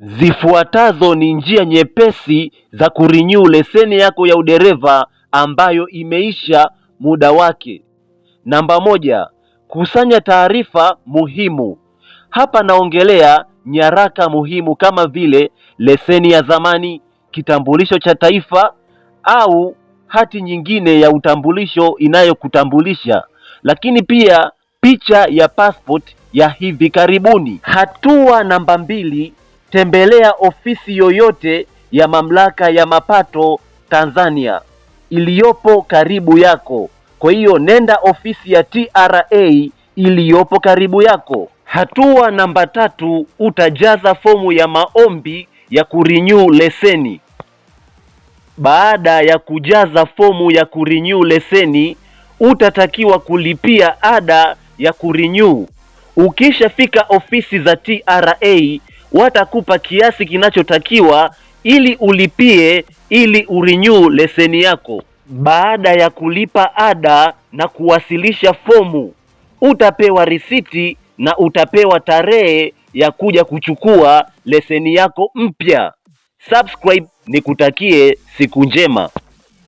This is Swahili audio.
Zifuatazo ni njia nyepesi za kurinyuu leseni yako ya udereva ambayo imeisha muda wake. Namba moja, kusanya taarifa muhimu. Hapa naongelea nyaraka muhimu kama vile leseni ya zamani, kitambulisho cha taifa au hati nyingine ya utambulisho inayokutambulisha, lakini pia picha ya passport ya hivi karibuni. Hatua namba mbili tembelea ofisi yoyote ya Mamlaka ya Mapato Tanzania iliyopo karibu yako. Kwa hiyo nenda ofisi ya TRA iliyopo karibu yako. Hatua namba tatu, utajaza fomu ya maombi ya kurinyu leseni. Baada ya kujaza fomu ya kurinyu leseni, utatakiwa kulipia ada ya kurinyu. Ukishafika ofisi za TRA watakupa kiasi kinachotakiwa ili ulipie ili urenew leseni yako. Baada ya kulipa ada na kuwasilisha fomu, utapewa risiti na utapewa tarehe ya kuja kuchukua leseni yako mpya. Subscribe, nikutakie siku njema.